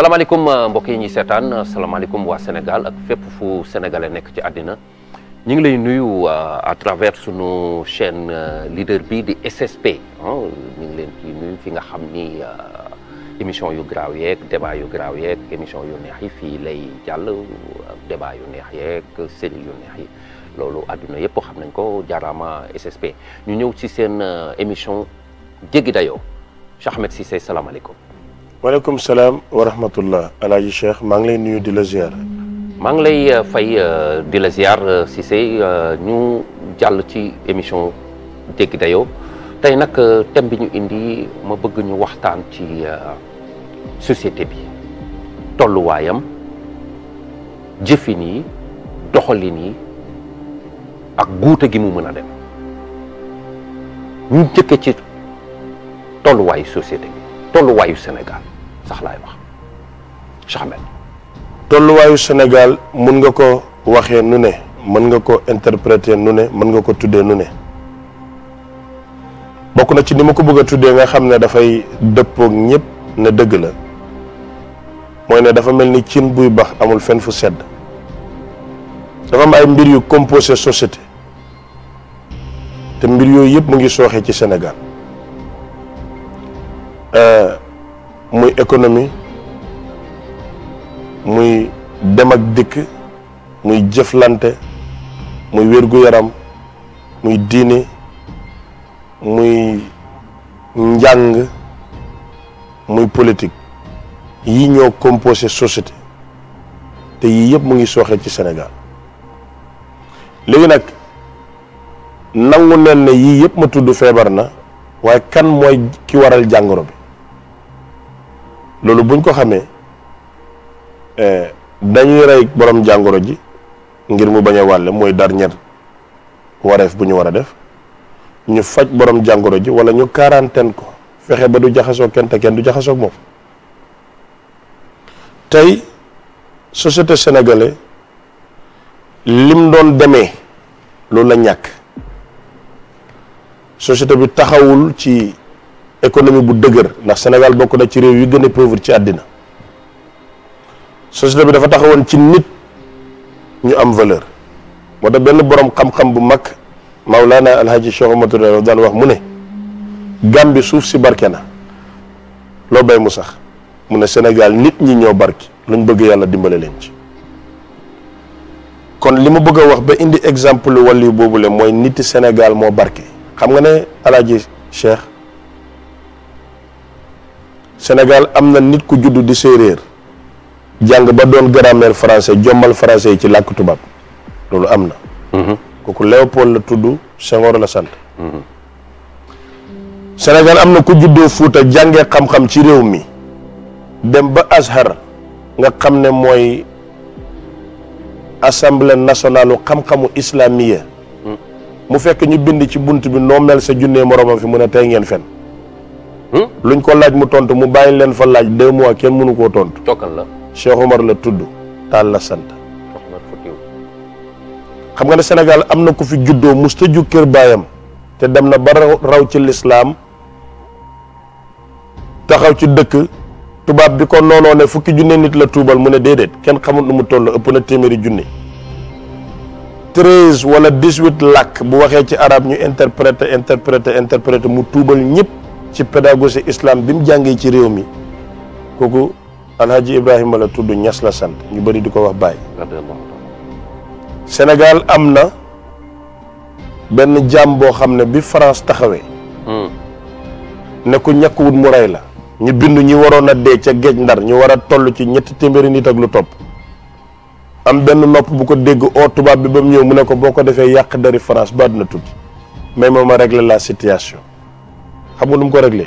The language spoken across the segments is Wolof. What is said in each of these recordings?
salaamaaleykum euh, mbokk yi ñuy seetaan salaamaaleykum waa Sénégal ak fépp fu sénégalais nekk ci àddina ñu ngi lay nuyu euh, à travers sunu chaîne euh, leader bi di SSP ah, ñu ngi nuyu fi nga xam ni émission yu garaaw yeeg débat yu garaaw yeeg émission yu neex yi fii lay jàll débat yu neex yeeg série yu neex yi loolu àdduna yëpp xam nañ ko jaaraama SSP ñu ñëw ci seen émission jéggi dayoo Cheikh Ahmed Cissé salaamaaleykum maaleykum salaam wa rahmatullah alaaji Cheikh maa ngi lay nuyu di la ziar. maa ngi lay euh, fay euh, di la ziar euh, Cissé ñu jàll ci émission dégg dayoo tey nag thème bi ñu indi ma bëgg ñu waxtaan ci société bi tolluwaayam jëfin yi doxalin yi ak guute gi mu mën a dem ñu njëkke ci tolluwaayu société bi tolluwaayu Sénégal sax laay wax tolluwaayu Sénégal mën nga ko waxee nu ne mën nga ko interpréter nu ne mën nga ko tuddee nu ne bokk na ci ni ma ko bëgg a tuddee nga xam ne dafay dëppook ñëpp ne dëgg la mooy ne dafa mel ni cin buy bax amul fenn fu sedd dafa am ay mbir yu composé société te mbir yooyu yëpp mu ngi sooxee ci Sénégal euh, muy économie muy dem ak dikk muy jëflante muy wér-gu-yaram muy diine muy njàng muy politique yi ñoo composé société te yii yëpp mu ngi sooxee ci Sénégal léegi nag nangu neen ne yii yëpp ma tudd feebar na waaye kan mooy ki waral jàngoro bi loolu buñ ko xamee eh, dañuy rey boroom jàngoro ji ngir mu bañ a wàlle mooy dernier wareef bu ñu war a def ñu faj borom jàngoro ji wala ñu quarantaine ko fexe ba du jaxasoo kenn te kenn du jaxasoo moom tey société sénégalaise lim doon demee loolu la ñàkk société bi taxawul ci économie bu dëgër ndax Sénégal bokk na ci réew yu gën a pauvre ci àddina société bi dafa taxawoon ci nit ñu am valeur moo tax benn borom xam-xam bu mag Maulana Alhaji Cheikh Omar Touré daan wax mu ne Gàmbi suuf si barke na loo bay mu sax mu ne Sénégal nit ñi ñoo barki luñ bëgg yàlla dimbale leen ci kon li mu bëgg wax ba indi exemple walli boobu boobule mooy niti Sénégal moo barke xam nga ne Alhaji Cheikh. Sénégal am na nit ku judd di séeréer jàng ba doon grammaire français jombal français yi ci làkk tubaab loolu am na. Mhm. kooku Léopold la tudd Senghor la sant. Mhm. Sénégal am na ku juddoo Fuuta jàngee xam-xam ci réew mi dem ba Azhar nga xam ne mooy assemblée nationale xam-xamu islamiya mhm. mu fekk ñu bind ci bunt bi noo mel sa junnee moroomam fi mu ne tey ngeen fen lu hmm? luñ ko laaj mu tontu mu bàyyi leen fa laaj deux mois kenn mënu koo tontu. tokkan la Cheikh Omar la tudd Tall la sant. xam nga ne senegal am na ku fi juddoo musta ju kër baayam te dem na ba raw ci lislaam taxaw ci dëkk tubaab bi ko noonoo ne fukki junne nit la tuubal mu ne déedéet kenn xamul nu mu toll ëpp na téeméeri junne. treize wala dix-huit làkk bu waxee ci arab ñu interpréter interpréter interpréter mu tuubal ñëpp. ci pédagogie islam bi mu jàngee ci réew mi kooku alhaji ibrahima la tudd ñas la sant ñu bari di ko wax Baye Sénégal am na benn jaam boo xam ne bi France taxawee hmm. ne ku wut mu rey la ñu bind ñuy waroon a dee ca géej ndar ñu war a toll ci ñetti téeméeri nit ak lu topp am benn nopp bu ko dégg oo tubaab bi ba mu ñëw mu ne ko boo ko defee yàq dari France ba àdduna tudd mais moom a régler la situation xam nga mu ko réglé.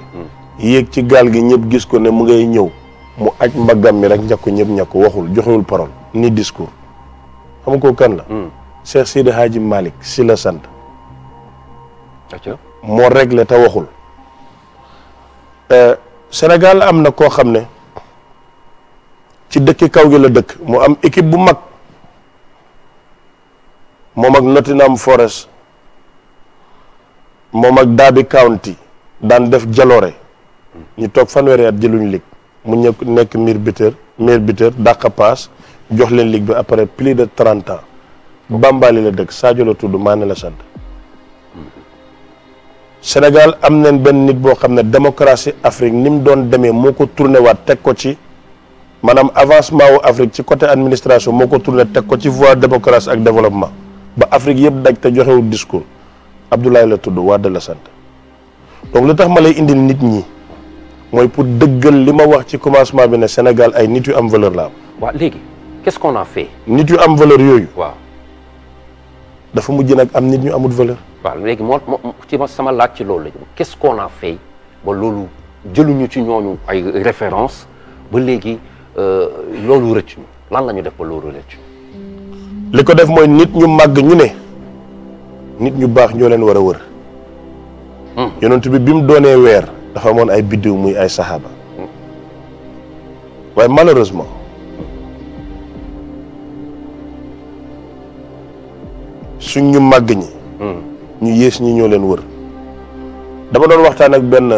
yéeg ci gaal gi ñëpp gis ko ne mu ngay ñëw mu aj mbaggam mi rek ñàkku ñëpp ñakk waxul joxewul parole ni discours xam nga ko kan la. Hmm. Cheikh Sidi Hadji Malick si la sant. moo réglé te waxul. Euh, senegal am na koo xam ne ci dëkki kaw gi la dëkk mu am équipe bu mag moom ak Nottingham Forest moom ak Derby County daan def jaloore ñu toog fanweeri at jëluñu ligue mu ñëkk nekk meilleur buteur meilleur buteur dàq paas jox leen ligue bi après plus de trente ans Bambali la dëkk Sadio la tudd Mané la sant Sénégal am neen benn nit boo xam ne démocratie Afrique ni mu doon demee moo ko tourné waat teg ko ci maanaam avancement wu Afrique ci côté administration moo ko tourné teg ko ci voie démocratie ak développement ba Afrique yëpp daj te joxewul discours Abdoulaye la tudd Wade la sant donc lu tax ma lay indi nit ñi mooy pour dëggal li ma wax ci commencement bi ne Sénégal ay nit yu am valeur la am. waa léegi qu'est-ce nit yu am valeur yooyu. waaw dafa mujj nag am nit ñu amut valeur. waaw léegi moo ci sama laaj ci loolu la qu'est-ce qu'on loolu jëluñu ci ñooñu ay référence ba léegi euh, loolu rëcc lan la ñu def ba loolu rëcc. li ko def mooy nit ñu màgg ñu ne nit ñu baax ñoo leen war a wër. yonent bi bi mu doonee weer dafa amoon ay biddiw muy ay saxaaba waaye malheureusement suñ ñu màgg ñi ñu yées ñi ñoo leen wër dama doon waxtaan ak benn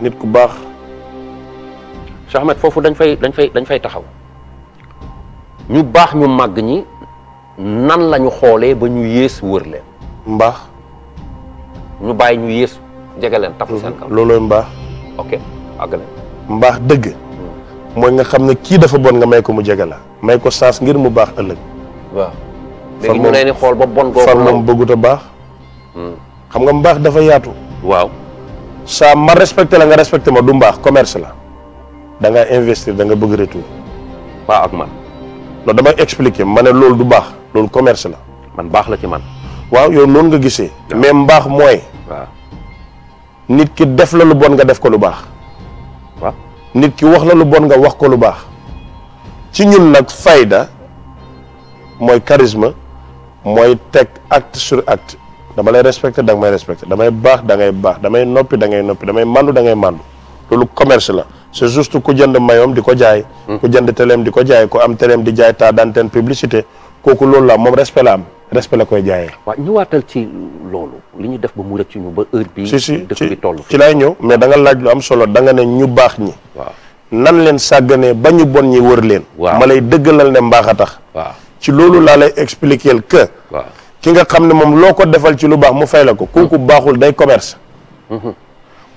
nit ku baax Cheikh Ahmed foofu dañ fay dañ fay dañ fay taxaw ñu baax ñu màgg ñi nan lañu xoolee ba ñu yées wër leen mbaax ñu bàyyi ñu yéesu jege leen tapp seen kaw loolooy mbaax ok àggale mbaax dëgg hmm. mooy nga xam ne kii dafa bon nga may ko mu jege la may ko saas ngir mu baax ëllëg waaw léegi ñu leen xool ba bon googu far moom bëggut a baax hmm. xam nga mbaax dafa yaatu waaw saa ma respecté la nga respecté ma du mbaax commerce la da nga investir da nga bëgg retour waaw ak man non damay expliquer ma ne loolu du baax loolu commerce la man baax la ci man waaw yow noonu nga gisee. mais mbaax mooy. nit ki def la lu bon nga def ko lu baax. waaw nit ki wax la lu bon nga wax ko lu baax. ci ñun nag fayda mooy charisme mooy teg acte sur acte dama lay respecté danga may respecté damay baax da ngay baax damay noppi da ngay noppi damay màndu da ngay màndu loolu commerce la c'est juste ku jënd mayoom di ko jaay. Hmm. ku jënd teleem di ko jaay ku am teleem di jaay ta d'antenne publicité kooku loolu la moom respect la am. respect la koy jaaye waaw ñëwaatal ci loolu li ñu def ba mu rëcc ñu ba heure bi si si ci lay ñëw mais danga laaj lu am solo da nga ne ñu baax ñi. waaw nan leen sàggane ba ñu bon ñi wër leen. waaw ma lay dëggalal ne mbaax a tax. waaw ci loolu laa lay expliquer que. ki nga xam ne moom loo ko defal ci lu baax mu fay la ko. kooku mm-hmm. baaxul day commerce. Mm-hmm.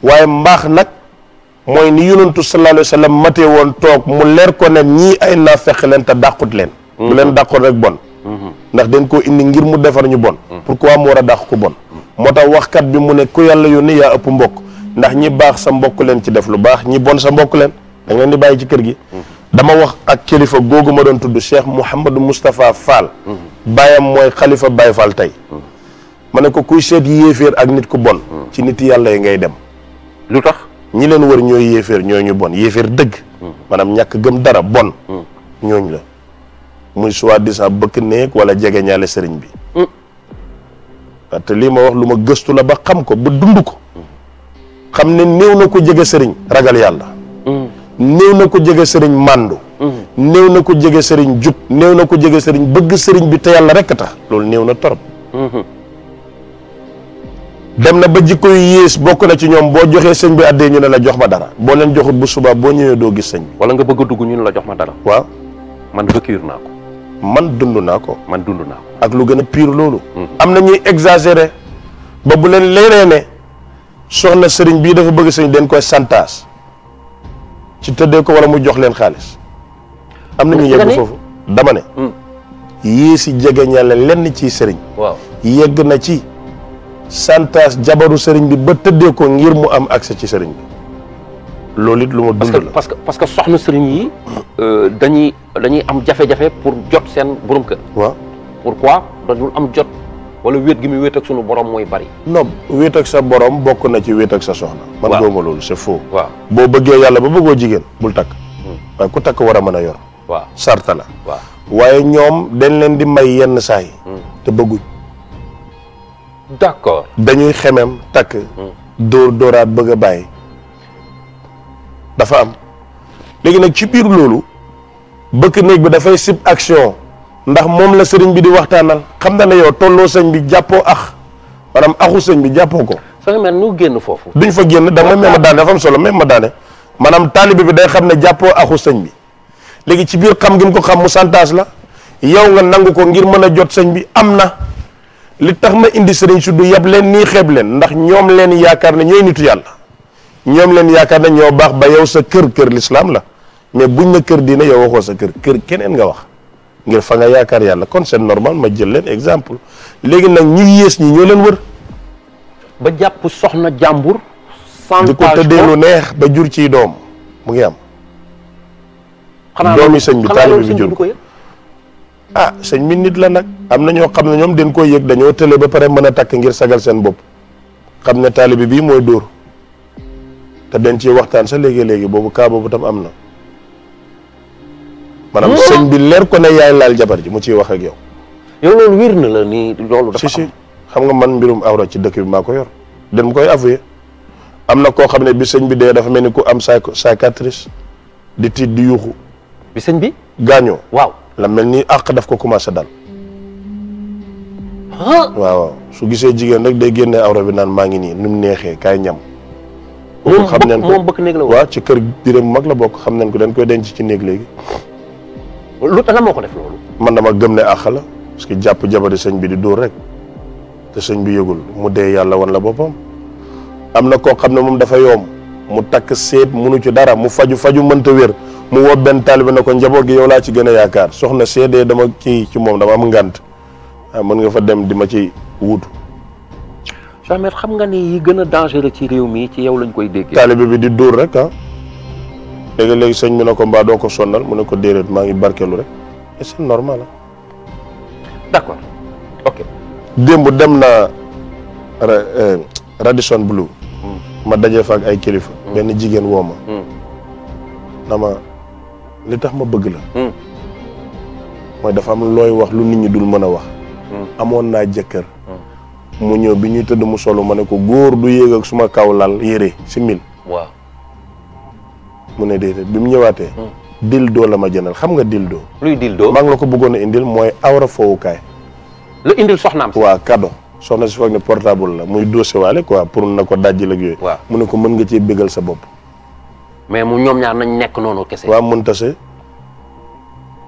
waaye mbaax nag. mooy ni yonantu sallallahu alayhi wa sallam woon toog mu leer ko ne ñii ay naafeq leen te dàqut leen. Mm-hmm. bu leen dàqut rek bon. ndax den koo indi ngir mu defar ñu bon pour mm. pourquoi mu war a dàq ku bon moo tax wax kat bi mu ne ku yàlla yónni yaa ëpp mbokk ndax ñi baax sa mbokk leen ci def lu baax ñi bon sa mbokk leen da ngeen di bàyyi ci kër gi mm. dama wax ak kilifa googu ma doon tudd Cheikh Mouhamadou Moustapha Fall mm. baayam mooy xalifa Baye Fall tey ma ne ko kuy seet yéeféer ak nit ku bon ci nit yàlla yi ngay dem lu tax ñi leen wër ñooy yéeféer ñooy ñu bon yéeféer dëgg maanaam ñàkk gëm dara bon ñooñu la muy soi-disant bëkk néeg wala jege ñaale sëriñ bi mm. parce que lii ma wax lu ma gëstu la ba xam ko ba dund ko xam ne néew na ko jege sëriñ ragal yàlla mm. néew na ko jege sëriñ màndu mm. néew na ko jege sëriñ jub néew na ko jege sëriñ bëgg sëriñ bi te yàlla rekk tax loolu néew na torop mm-hmm. dem na ba jikko yu yées bokk na ci ñoom boo joxee sëñ bi àddee ñu ne la jox ma dara boo leen joxut bu subaa boo ñëwee doo gis sëñ bi wala nga bëgg dugg ñu ne la jox ma dara waaw man vécure naa man dund naa ko. man dund naa ak lu gën a piir loolu. Hmm. am na ñuy exagéré ba bu leen leeree ne soxna sëriñ bii dafa bëgg sëriñ den koy santaas ci tëddee ko wala mu jox leen xaalis. am na ñu yegg foofu dama ne. Hmm. yii si jege ñale lenn ci sëriñ. waaw yegg na ci santaas jabaru sëriñ bi ba tëddee ko ngir mu am accès ci sëriñ bi. loolu it lu ma dund la parce que parce que soxna sëriñ yi euh, dañuy dañuy am jafe-jafe pour jot seen borom kër. waaw pourquoi dañul am jot wala wéet gi muy wéet ak sunu borom mooy bari. non wéet ak sa borom bokk na ci wéet ak sa soxna. man gooma loolu c'est faux. waaw boo bëggee yàlla ba bëggoo jigéen bul takk. Hmm. waaye ku takk war a mën a yor. waaw sarta la. waaw waaye ñoom dañ leen di may yenn saa yi. Hmm. te bëgguñ. d'accord dañuy xemem takk. Hmm. dóor dóoraat bëgg bàyyi. dafa am léegi nag ci biir loolu bëkk néeg bi dafay sib action ndax moom la sëriñ bi di waxtaanal xam na ne yow tolloo sëñ bi jàppoo ax maanaam axu sëñ bi jàppoo ko. soo mel nu génn foofu. duñ fa génn da nga ma daane dafa solo même ma daane maanaam taalibe bi day xam ne jàppoo axu sëñ bi léegi ci biir xam gi mu ko xam mu santaas la yow nga nangu ko ngir mën a jot sëñ bi am na li tax ma indi sëriñ si du yab leen nii xeeb leen ndax ñoom leen yaakaar ne ñooy nitu yàlla. ñoom leen yaakaar na ñoo baax ba yow sa kër kër lislaam la mais buñ na kër dina yow waxoo sa kër kër keneen nga wax ngir fa nga yaakaar yàlla kon seen normal ma jël leen exemple léegi nag ñi yées ñi ñoo leen wër ba jàpp soxna jàmbur di ko tëddee neex ba jur ciy doom mu ngi am doomi sëñ bi taalibe bi jur ko ah sëñ mi nit la nag am na ñoo xam ne ñoom den koy yëg dañoo tële ba pare mën a takk ngir sagal seen bopp xam ne taalibe bii mooy dóor te dañ ciy waxtaan sa léegi-léegi boobu kaa boobu tam am na maanaam sëñ bi leer ko ne yaay laal jabar ji mu ciy wax ak yow yow ni loolu si si xam nga man mbirum awra ci dëkk bi maa ko yor dem koy avoué am na koo xam ne bi sëñ bi dee dafa mel ni ku am cicatrice di tiit di yuuxu bi sëñ bi gaañoo waaw la mel ni àq daf ko commencé dal waaw su gisee jigéen rek day génnee awra bi naan maa ngi nii nu mu neexee kaay ñam xam nañ ko moom bëkk néeg la waa ci kër diréem mag la bokk xam nañ ko dañ koy denc ci néeg léegi lu tax la moo ko def man dama gëm ne àq la parce jàpp jabari sëñ bi di dóor rek te sëñ bi yëgul mu dee yàlla wan la boppam am na koo xam ne moom dafa yoom mu takk seet munu ci dara mu faju faju mënta wér mu woo benn taalibe na ko njaboot gi yow laa ci gën a yaakaar soxna seedee dama kii ci moom dama am ngànt ah, mën nga fa dem di ma ci wuutu Jamil xam nga ni yi gën a dangereux ci réew mii ci yow lañ koy déggee. taalibe bi di dóor rek ah léegi léegi sëñ bi ko mbaa doo ko sonnal mu ne ko déedéet maa ngi barkeelu rek et c'est normal ah. d'accord démb dem na euh, Radisson Blu. Hmm. ma daje fa ay kilifa. Hmm. benn jigéen woo ma. Hmm. na li tax ma bëgg la. mooy dafa am looy wax lu nit ñi dul mën a wax. amoon naa jëkkër. mu ñëw bi ñuy tëdd mu solo ma ne ko góor du yéeg ak suma kaw lal yére simil. waaw mu ne déedéet bi mu ñëwaatee. Hmm. dildo la ma jëndal xam nga dildo. luy dildo maa ngi ko bëggoon a indil mooy awra fowukaay. lu indil soxnaam. waa cadeau soxna si foog ne portable la muy dossier waale quoi pour na ko dajji ak yooyu. mu ne ko mën nga cee bégal sa bopp. mais mu ñoom ñaar nañ nekk noonu kese. waaw mën tase.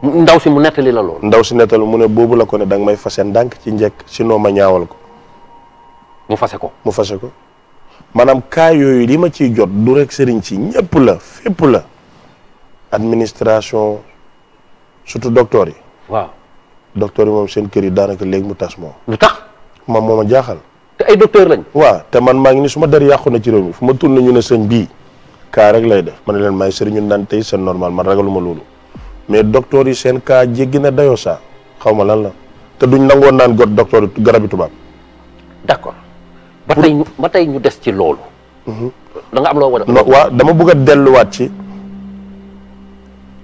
ndaw si mu nettali la loolu. ndaw si nettali mu ne boobu la ko ne danga may fasen ndànk ci njëkk sinon ma ñaawal ko. mu fase ko mu fase ko maanaam cas yooyu li ma ciy jot du rek sëriñ ci ñëpp la fépp la administration surtout docteur yi. waaw docteur yi moom seen kër yi daanaka léegi mu tas moom. lu tax moom moo ma jaaxal. te ay docteur lañ. waa te man maa ngi ni su ma der yàqu na ci réew mi fu ma tourné ñu ne sëñ bii cas rek lay def ma ne leen may sëriñ ñun daan tey seen normal man ragaluma loolu mais docteur yi seen kaa jéggi na dayo saa xaw ma lan la te duñ nangoon naan got docteur garabi tubaab. d'accord. ba tey ñu ba tey ñu des ci loolu. Mhm. da nga am loo war a. waaw dama bëgg a delluwaat ci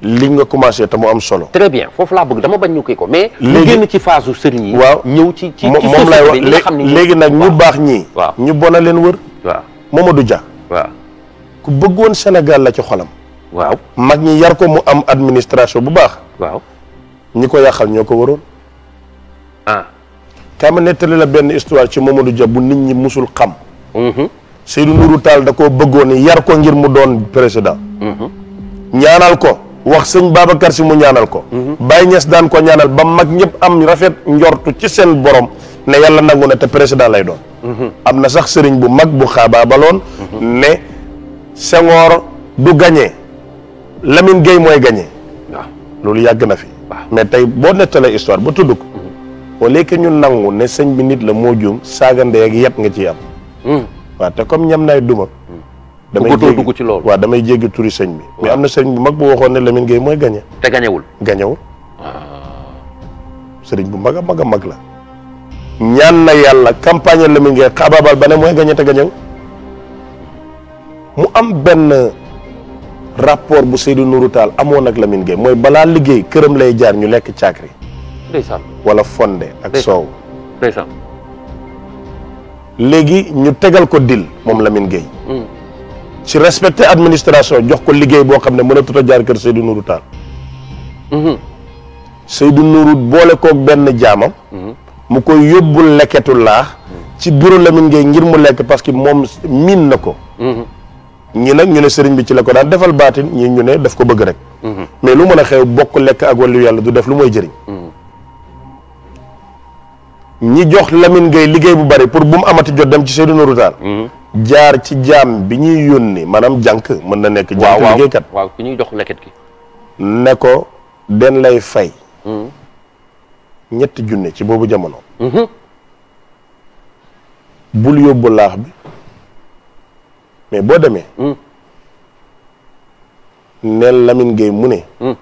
li nga commencé te mu am solo. très bien foofu laa bëgg dama bañ ñu kii ko mais. léegi génn ci phase su sëriñ yi. ñëw ci ci moom lay wax léegi nag ñu baax ñii. waaw ñu bon a leen wër. waaw Mamadou Dia. waaw ku bëggoon Sénégal la ci xolam. waaw mag ñi yar ko mu am administration bu baax. waaw ñi ko yàqal ñoo ko waroon. Ah. kaa ma nettali la benn histoire ci Mamadou Dia bu nit ñi musul xam. Mhm. Seydou Nourou Tall da koo bëggoon yar ko ngir mu doon président. Mhm. ñaanal ko wax sëñ Babacar si mu ñaanal ko. Mhm. Baye Niass daan ko ñaanal ba mag ñëpp am rafet njortu ci seen borom ne yàlla nangu na te président lay doon. am na sax sëriñ bu mag bu xaabaabaloon. ne Senghor du gagné Lamine Gueye mooy gagné. loolu yàgg na fi. mais tey boo nettalee histoire ba tudd ko. au lieu que ñu nangu ne sëñ bi nit la moo juum saagandee ak yàpp nga ci am. Hmm. waaw te comme ñam naay duma. Hmm. damay dugg ci loolu waa damay jéggi turi sëñ bi. am na sëñ bu mag bu waxoon ne Lamine Gueye mooy gañe. te gañewul gañewul. Ah. sëriñ bu mag mag a mag la. ñaan na yàlla campagne Lamine Gueye xaabaabal ba mooy gañe te gañewul mu am benn. rapport bu Seydou Nourou Tall amoon ak Lamine Gueye mooy balaa liggéey këram lay jaar ñu lekk caakri ndeysaan wala fonde ak soow léegi ñu tegal ko dil moom lamin Gueye mm. ci respecté administration jox ko liggéey boo xam ne mënatut a jaar kër Seydou Nourou Tall mm-hmm. Seydou Nourou boole koog benn jaamam mm-hmm. mu koy yóbbul lekketu laax ci bureau Lamine géey ngir mu lekk parce que moom miin na ko mm-hmm. ñi nag ñu ne sëriñ bi ci la ko daan defal baatin ñi ñu ne daf ko bëgg rek mais lu mën a xew bokk lekk ak wàllu yàlla du def lu mooy jëriñ ñi jox Lamine Gueye liggéey bu bari pour bu mu amati jot dem ci Seydou Nourou Tall mm-hmm. jaar ci jaam bi ñuy yónni maanaam jànk mën na nekk jànk liggéeykat waaw ku ñuy jox leket gi ne ko den lay fay mm-hmm. ñetti junne ci boobu jamono mm-hmm. bul yóbbu laax bi mais boo demee mm. neel Lamine mu ne mm.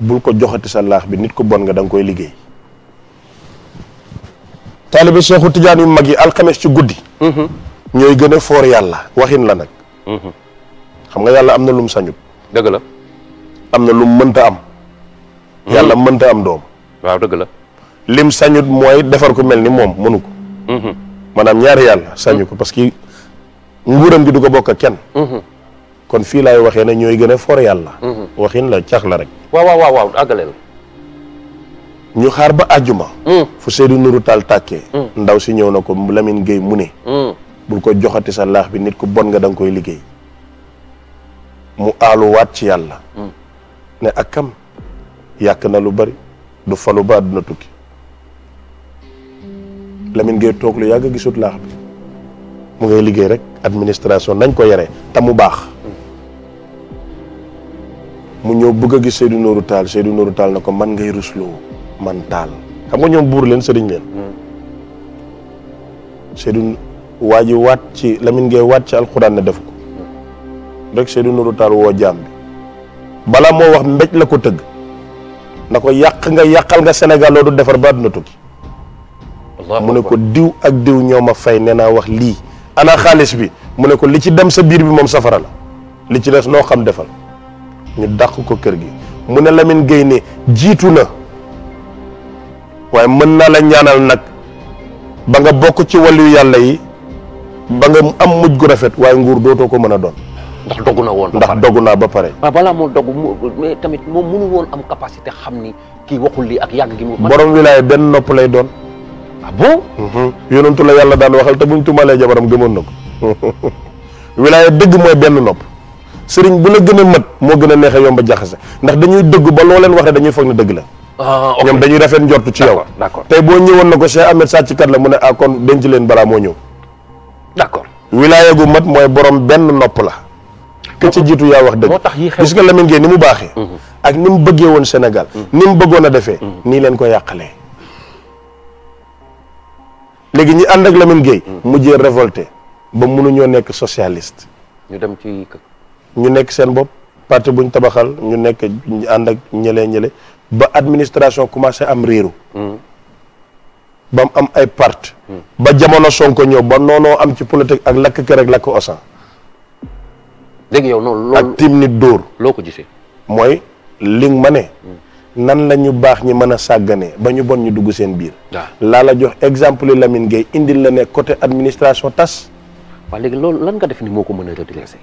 bul ko joxati sa laax bi nit ku bon nga da koy liggéey taalibe Seexu Tijaan yu mag yi alxames ci guddi. Mhm. ñooy gën a foor yàlla waxin la nag. Mhm. xam nga yàlla am na lum sañut. dëgg la. am na lum mënta am. Mhm. yàlla mënta am doom. waaw dëgg la. lim sañut mooy defar ku mel ni moom mënu ko. maanaam ñaari yàlla sañu ko parce que nguuram gi du ko bokk ak kenn. kon fii laay waxee ne ñooy gën a foor yàlla. waxin la cax la rek. waaw waaw waaw àggaleel. ñu xaar ba àjjuma. Mm. fu Seydou Nourou Tall tàkkee. Mm. ndaw si ñëw na ko Lamine Gueye mu ne. Mm. bul ko joxati sa laax bi nit ku bon nga da koy liggéey. mu aaluwaat ci yàlla. ne ak kam yàq na lu bari du falu ba àdduna tukki. Lamine Gueye toog lu yàgg gisut laax bi mu ngay liggéey rek administration nañ ko yare te mu baax. mu ñëw bugg a gis Seydou nuru Tall Seydou Nourou Tall na ko man ngay rusloo. man taal xam nga ñoom buur leen sëriñ leen hmm. Seydou waa ji waat ci lamin Gueye waat ci alxuraan ne def ko hmm. rek Seydou Nourou Tall woo jaam bi balaa moo wax mbéj la ko tëgg na ko yàq nga yàqal nga Sénégal loolu defar ba àdduna tukki mu ne ko diw ak diw ñoo ma fay nee naa wax lii ana xaalis bi mu ne ko li ci dem sa biir bi moom safara la li ci des noo xam defal ñu dàq ko kër gi mu ne Lamine Gueye ne jiitu na waaye mën naa la ñaanal nag ba nga bokk ci wàllu yàlla yi ba nga am mujj gu rafet waaye nguur dootoo ko mën a doon. ndax dogu na woon. ndax dogu naa ba pare. waaw balaa moo dogu mais tamit moom mënu am capacité xam ni kii waxul lii ak yàgg gi mu. borom benn nopp lay doon. ah bon. Mhm. yonentu yàlla daan waxal te buñ tumalee jabaram gëmoon na ko. wilaay dëgg mooy benn nopp. sëriñ bu la gën a mat moo gën a neexee yomb a jaxase ndax dañuy dëgg ba loo leen wax rek dañuy foog ne dëgg la. Ah, ñoom dañuy rafet njortu ci yow tey boo ñëwoon na ko Cheikh Ahmed sàcckat la mu ne ah kon denc leen balaa moo ñëw d'accord wilaaya mat mooy borom benn nopp la ki ci jiitu yaa wax dëgg gis nga Lamine Gueye ni mu baaxee mhm. ak ni mu bëggee woon Sénégal mhm. ni mu bëggoon a defee mhm. nii leen ko yàqalee léegi ñi ànd ak Lamine Gueye mujjee révolté ba mu mënuñoo nekk socialist ñu dem ci ñu nekk seen bopp parti buñ tabaxal ñu nekk ànd ak ñëlee ñële ba administration commencé am réeru ba mu am ay part ba jamono Sonko ñëw ba noonoo am ci politique ak lakk kër ak lakk osan léegi yow noonu loolu ak tim nit dóor loo ko gisee mooy li ma ne nan lañu baax ñi mën a sàgganee ba ñu bon ñu dugg seen biir ah. laa la jox exemple yi Lamine Gueye indil la ne côté administration tas waa léegi loolu lan nga def ni moo ko mën a redresser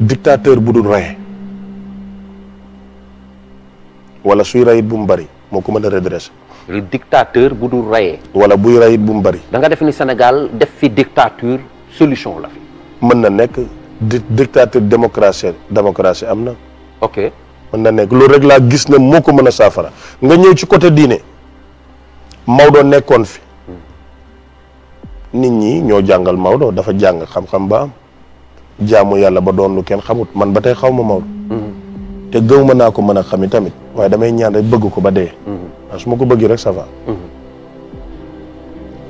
dictateur bu dul rey wala suy rayit bu mu bari moo ko mën a redressé. dictateur bu dul rayee. wala buy rayit bu mu bari da nga def ni Sénégal def fi dictature solution la fi. mën na nekk di dictature démocratie démocratie am na. ok mën na nekk loolu rek laa gis ne moo ko mën a saafara nga ñëw ci côté diine Maodo nekkoon fi. nit ñi ñoo jàngal Maodo dafa jàng xam-xam ba am jaamu yàlla ba doon lu kenn xamut man ba tey xaw ma Maodo. Mm-hmm. te gëw mën naa ko mën a xam tamit waaye damay ñaan rek bëgg ko ba dee. waaw mhm. su ma ko bëggee rek ça va.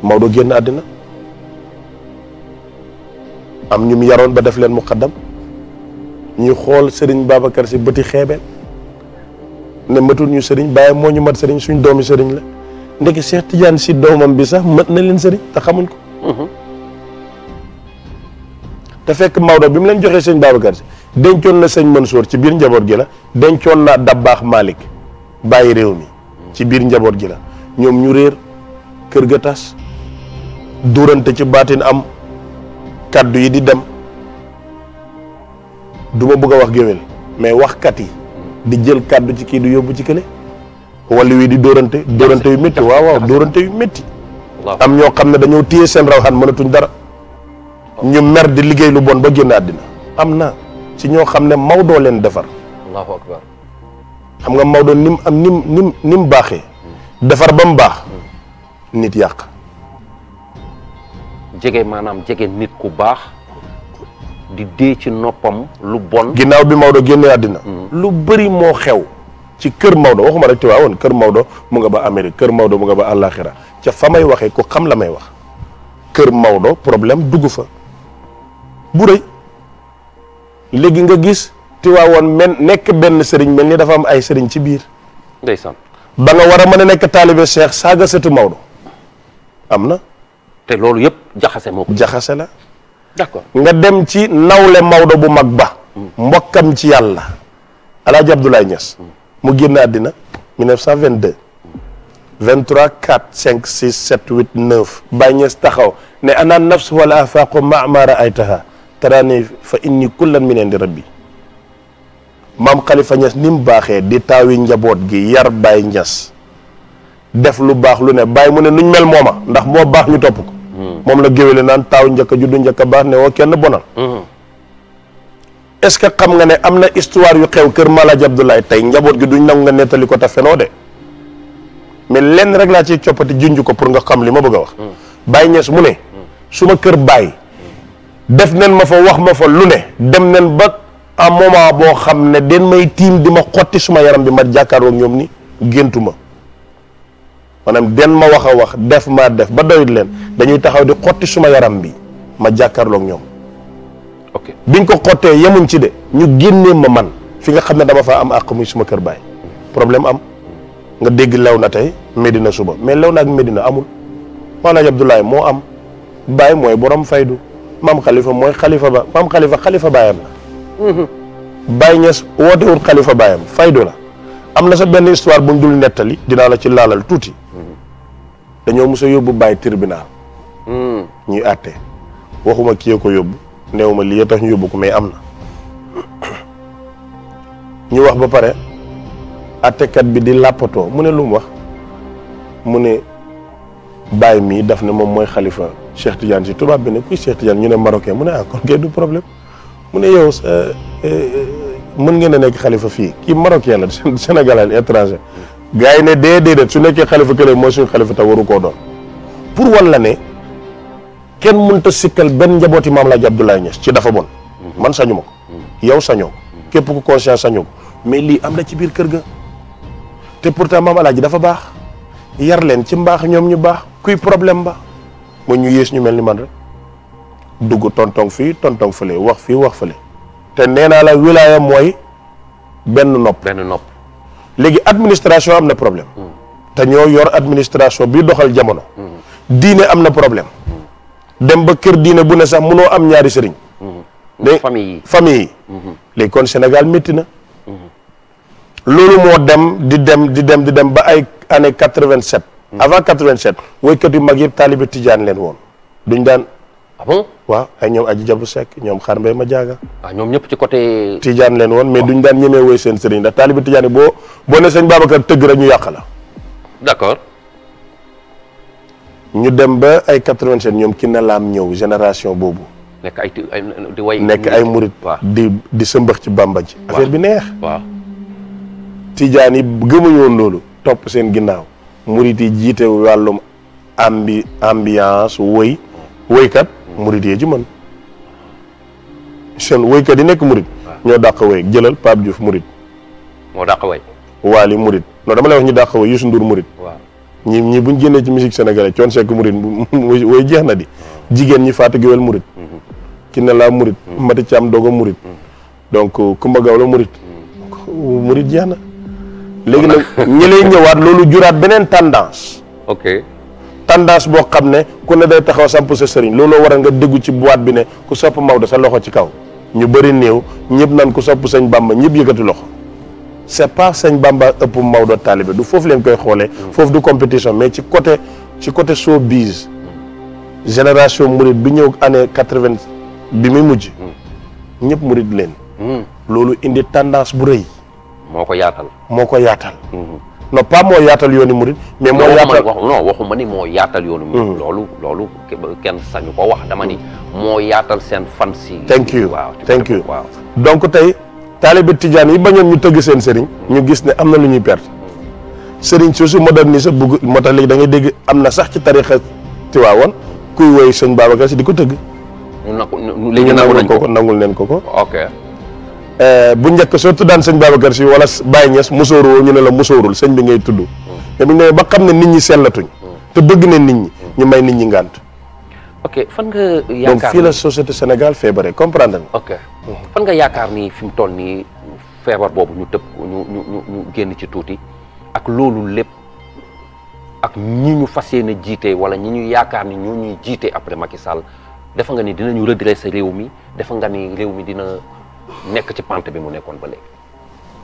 Mhm. génn àddina am ñum yaroon ba def leen muqaddam ñu xool sëriñ Babacar si bëti xeebeen ne matul ñu sëriñ bàyyi moo ñu mat Serigne suñ doomi Serigne la ndeke Cheikh Tidiane si doomam bi sax mat na leen sëriñ te xamuñ ko. Mhm. te fekk Maodo bi mu leen joxee Serigne Babacar si. dencoon na sëñ Mansour ci biir njaboot gi la dencoon na dabbaax Malick bàyyi réew mi ci biir njaboot gi la ñoom ñu réer kër ga tas durante ci baatin am kàddu yi di dem du ma bëgg a wax géwél mais waxkat yi di jël kàddu ci kii du yóbbu ci kële wala wi di dóorante dóorante yu métti waaw waaw dóorante yu métti am ñoo xam ne dañoo téye seen rawxaan mënatuñ dara ñu mer di liggéey lu bon ba génn àddina am na ci ñoo xam ne Maodo leen defar. allahu xam nga Maodo ni mu am ni mu ni baaxee. Hmm. defar ba mu baax. Hmm. nit yàq. jege maanaam jege nit ku baax. di dee ci noppam lu bon. ginnaaw bi Maodo génne àddina. Hmm. lu bari moo xew. ci kër Maodo waxuma rek Tiwaawoon kër Maodo mu nga ba Amérique kër Maodo mu nga ba àllaaxira ca fa may waxee ku xam la may wax. kër Maodo problème dugg fa bu rëy. léegi nga gis Tiwaawoon men nekk benn sëriñ mel ni dafa am ay sëriñ ci biir. ndeysaan ba nga war a mën a nekk taalibe Cheikh saaga sëtu Maodo am na. te loolu yëpp jaxase moo ko. jaxase la. d'accord nga dem ci nawle Maodo bu mag ba. Mm. mbokkam ci yàlla. Alaaji ay Niass. Mm. mu génn àddina 1922. 23 4 5 6 7 8 taxaw ne ana nafs wala afaqu ma ay raaytaha tarani fa inni kullan min indi rabbi maam Khalifa Niass ni mu baaxee di taawi njaboot gi yar Baye Niass def lu baax lu ne Baye mu ne nuñ mel mooma ndax moo baax ñu topp ko hmm. moom la géwéle naan taaw njëkk juddu njëkk a baax ne woo kenn bonal hmm. est-ce que xam nga ne am na histoire yu xew kër Malaaj Abdoulaye tey njaboot gi duñ nangu nga nettali ko te fenoo de mais lenn rek laa ciy coppati junj ko pour nga xam li ma bëgg a wax hmm. Baye Niass mu ne suma kër Baye def nen ma fa wax ma fa lu ne dem nen ba à moment boo xam ne den may tiim di ma xotti suma yaram bi ma jàkkaaroog ñoom ni géntu ma maanaam den ma wax a wax def maa def ba doyut leen dañuy taxaw di xotti suma yaram bi ma jàkkaarloog ñoom ok biñ ko xottee yemuñ ci de ñu génnee ma man fi nga xam ne dama fa am ak muy suma kër baay problème am nga dégg lew na tey Medina suba mais lew na ak Medina amul Maolaaji Abdoulaye moo am baay mooy borom faydu maam xalifa mooy xalifa ba maam xalifa xalifa baayam la Baye Niass wootewul xalifa baayam faydu la am na sa benn histoire bu mu dul nettali dinaa la ci laalal tuuti dañoo mos a yóbbu Baye tribunal ñuy àtte waxuma kii ko yóbbu neew ma lii tax ñu yóbbu ko mais am na ñu wax ba pare àttekat bi di làppatoo mu ne lum wax mu ne Baye mii daf ne moom mooy xalifa Cheikh tubaab bi ne kuy Cheikh Tidiane ñu ne marocain mu ne ah kon kay du mu ne yow eh, eh, mën ngeen a nekk xalifa fii kii la sénégalais étranger gars yi ne dee déedéet su nekkee xalifa kële mooy suñu xalifa te waru koo doon pour wan la ne kenn mënta sikkal benn njabooti maam laaji Abdoulaye Niass ci dafa bon mhm. man sañu ma ko yow sañoo mhm. képp ku conscience sañu ko mais lii am na ci biir kër ga te pourtant maam alaaji dafa baax yar leen ci mbaax ñoom ñu baax kuy problème ba mooy ñu yées ñu mel ni man rek dugg tontong fii tontong fële wax fii wax fële te nee naa la wilaya mooy benn nopp. benn nopp léegi administration am na problème. Hmm. te ñoo yor administration bi doxal jamono. Hmm. diine am na problème. Hmm. dem ba kër diine bu ne sax noo am ñaari sëriñ. mais famille yi famille yi. léegi kon Sénégal métti na. loolu moo dem di dem di dem di dem ba ay année quatre-vingt-sept avant 87 woykat yu mag yëpp taalibe tijaan leen woon duñ daan ah bon waaw ay ñoom aji jabu sekk ñoom xaar mbay ma jaaga ah ñoom ñëpp ci côté tijaan leen woon mais duñ daan ñemee woy seen sëriñ ndax taalibe tijaan yi boo boo ne sëñ Babacar tëgg rek yàq la d'accord ñu dem ba ay 87 ñoom ki na ñëw génération boobu nekk ay ay di way nekk ay murit di di sëmbax ci bàmba ji affaire bi neex waaw tijaan yi gëmuñu woon loolu topp seen ginnaaw murit yi jiite wàllum ambi ambiance woy woykat murit yee ci mën seen woykat yi nekk murit ñoo dàq woy jëlal Pape Diouf murit moo dàq woy Waly murit non dama la wax ñu dàq woy Youssou Ndour murit ñi ñi buñ génnee ci musique sénégalais coon sekk murit woy jeex na di jigéen ñi Fatou Guewel murit mm-hmm. ki ne laa murit mm-hmm. Mati Thiam Dogo murit mm-hmm. donc Kumba Gawlo murit murit jeex na léegi nag ñi lay ñëwaat loolu juraat beneen tendance. ok tendance boo xam ne ku ne day taxaw samp sa sëriñ looloo waral nga déggu ci boîte bi ne ku sopp Maodo sa loxo ci kaw ñu bëri néew ñëpp naan ku sopp sañ Bamba ñëpp yëkkati loxo. c'est pas sañ Bamba ëpp Maodo taalibe du foofu leen koy xoolee. Mm. foofu du compétition mais ci côté ci côté showbiz. génération Mouride bi ñëw année quatre vingt bi mu mujj. Mm. ñëpp Mouride leen. Mm. loolu indi tendance bu rëy. moo ko yaatal moo ko yaatal mm-hmm. non pas moo yaatal yoonu murid mais moo yaatal non waxuma ni moo yaatal yoonu mu mm-hmm. loolu loolu kenn sax ñu ko wax dama ni moo yaatal seen fan si thank you waaw thank waaw donc tey taalibe tijaan yi bañoon ñu tëgg seen sëriñ ñu gis ne am na lu ñuy perte mm-hmm. sëriñ soosu modernisé bugg moo tax léegi da ngay dégg am na sax ci tarixa Tiwaawan kuy woy sëñ Babacar Si di ko tëgg léegi nangul nañ ko nangul neen ko ko Eh, bu njëkk soo tuddaan sëñ Babacar si wala Baye Niass musóoru woo ñu ne la musóorul sëñ bi ngay tudd hmm. mais ba xam ne nit ñi sellatuñ hmm. te bëgg ne nit ñi hmm. ñu may nit ñi ngànt fan nga yaakaar donc fii Sénégal feebare comprendre ok fan nga yaakaar ni fi mu toll nii feebar boobu ñu tëb ko ñu ñu génn ci tuuti ak loolu lépp ak ñi ñu fas yéene jiitee wala ñi ñu yaakaar ni ñoo ñuy jiitee après Macky Sall dafa nga ni dinañu redresser réew mi dafa nga ni réew mi dina nekk ci pente bi mu nekkoon ba léegi.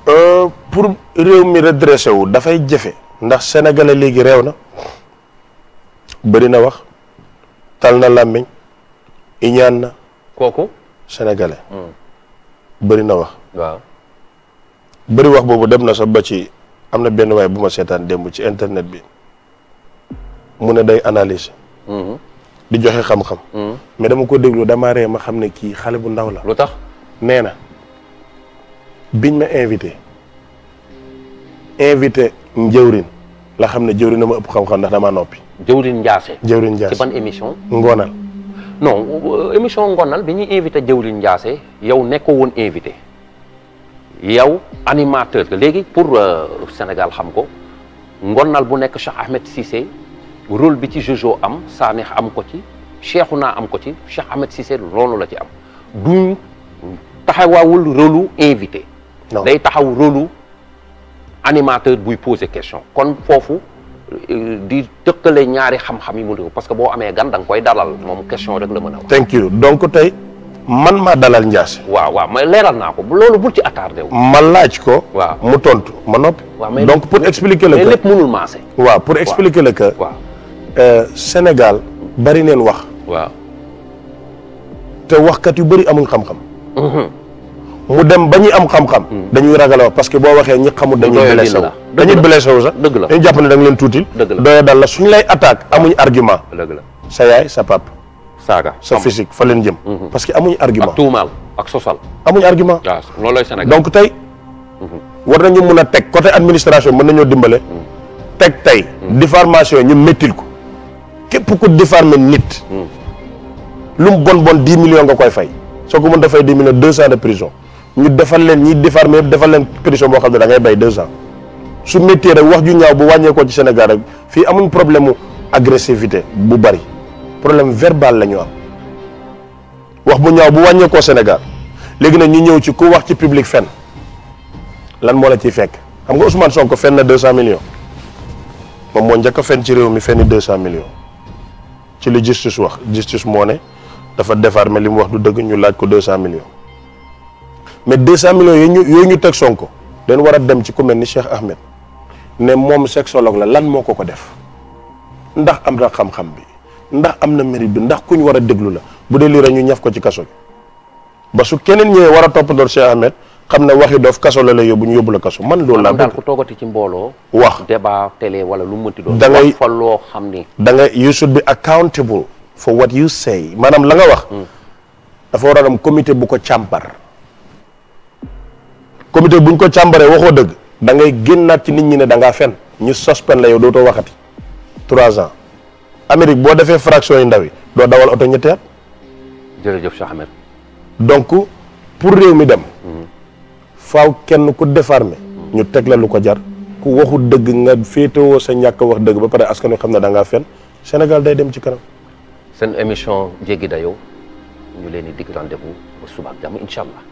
Euh, pour réew mi redressé wu dafay jafe ndax sénégalais léegi réew na bari na wax tal na làmmiñ iñaan na. kooku sénégalais. Hmm. bëri na wax. waaw bëri wax boobu dem na sax ba ci am na benn waay bu ma seetaan démb ci internet bi mu ne day analyse hmm. di joxe xam-xam. Hmm. mais dama ko déglu dama ree ma xam ne kii xale bu ndaw la lu tax. nee na biñ ma invité invité njëwrin la xam ne jëwrin dama ëpp xam-xam ndax damaa noppi. jëwrin Ndiassé. jëwrin Ndiassé ci ban émission. Ngonal. non euh, émission Ngonal bi ñuy invité jëwrin Ndiassé yow nekkoo woon invité yow animateur léegi pour euh, Sénégal xam ko Ngonal bu nekk Cheikh Ahmed Cissé rôle bi ci Jojo am Sanex am ko ci naa am ko ci Cheikh Ahmed Cissé loolu la ci am duñ. taxawawul rôlu invité day taxaw rôlu animateur buy poser question kon foofu euh, di tëkkale ñaari xam-xam yi mu dugg parce que boo amee gan danga koy dalal moom question rek la mën a wax thank tey man maa dalal Ndiassé waaw waaw leeral naa ko loolu bul ci attardé wu ma laaj ko waaw mu tontu ma noppi donc pour expliquer le lépp mënul maase waaw pour expliquer le que waaw euh, bari neen wax waaw waxkat yu bari amuñ xam-xam mu dem ba ñuy am xam-xam hmm. dañuy ragal wax parce que boo waxee ñi xamul dañuy blessé wu dañuy blessé wu sax dëgg la dañu jàpp ne da nga leen tuutil doyo dal la suñu lay attaque amuñ argument dëgg la sa yaay sa pap saaga sa physique fa leen jëm hmm. parce amuñ argument ak tuumaal ak sosal amuñ argument ah, loolu donc tey hmm. war nañu mun a teg côté administration mën nañoo dimbale teg tey diffamation ñu méttil ko képp ku diffamé nit lu mu bon bon dix millions nga koy fay soo ko mën dafay dix millions deux cents de prison ñu defal leen ñiy defar mais defal leen condition boo xam ne dangay ngay bay deux ans su métier rek wax ju ñaaw bu wàññeekoo ci Sénégal rek fii amuñ problème mu agressivité bu bari problème verbal la ñu am wax bu ñaaw bu wàññeekoo Sénégal léegi nag ñu ñëw ci ku wax ci public fen lan moo la ciy fekk xam nga Ousmane Sonko fen na deux cent millions moom moo njëkk a fen ci réew mi fenn deux cent millions ci li justice wax justice moo ne dafa defar déformé li mu wax du dëgg ñu laaj ko deux cent millions mais 200 millions yooyu ñu yooyu ñu teg Sonko dañ war a dem ci ku mel ni Cheikh Ahmed ne moom sexologue la lan moo ko ko def ndax am na xam-xam bi ndax am na mérite bi ndax ku ñu war a déglu la bu dee lii rek ñu ñaf ko ci kaso bi ba su keneen ñëwee war a topp toppandoo Cheikh Ahmed xam ne waxi doof kaso la la yóbbu ñu yóbbu la kaso man loolu laa daal ku toogati ci mbooloo wax débat télé wala lu mënti doon da ngay fa loo xam ni da ngay you should be accountable for what you say maanaam la nga wax hmm. dafa war a am comité bu ko càmpar comité buñ ko càmbaree waxoo dëgg dangay génnaat ci nit ñi ne da fen ñu suspend la yow dootoo waxati trois ans Amérique boo defee fraction yu ndaw yi doo dawal oto ñetti at. jërëjëf Cheikh donc pour réew mi dem. Mhm. faaw kenn ku défarme mhm. ñu teg la lu ko jar ku waxu dëgg nga féetewoo sa ñàkk wax dëgg ba pare askan wi xam ne da fen Sénégal day dem ci kanam. seen émission jéggi dayoo ñu leen di dig rendez ba suba ak jàmm incha allah.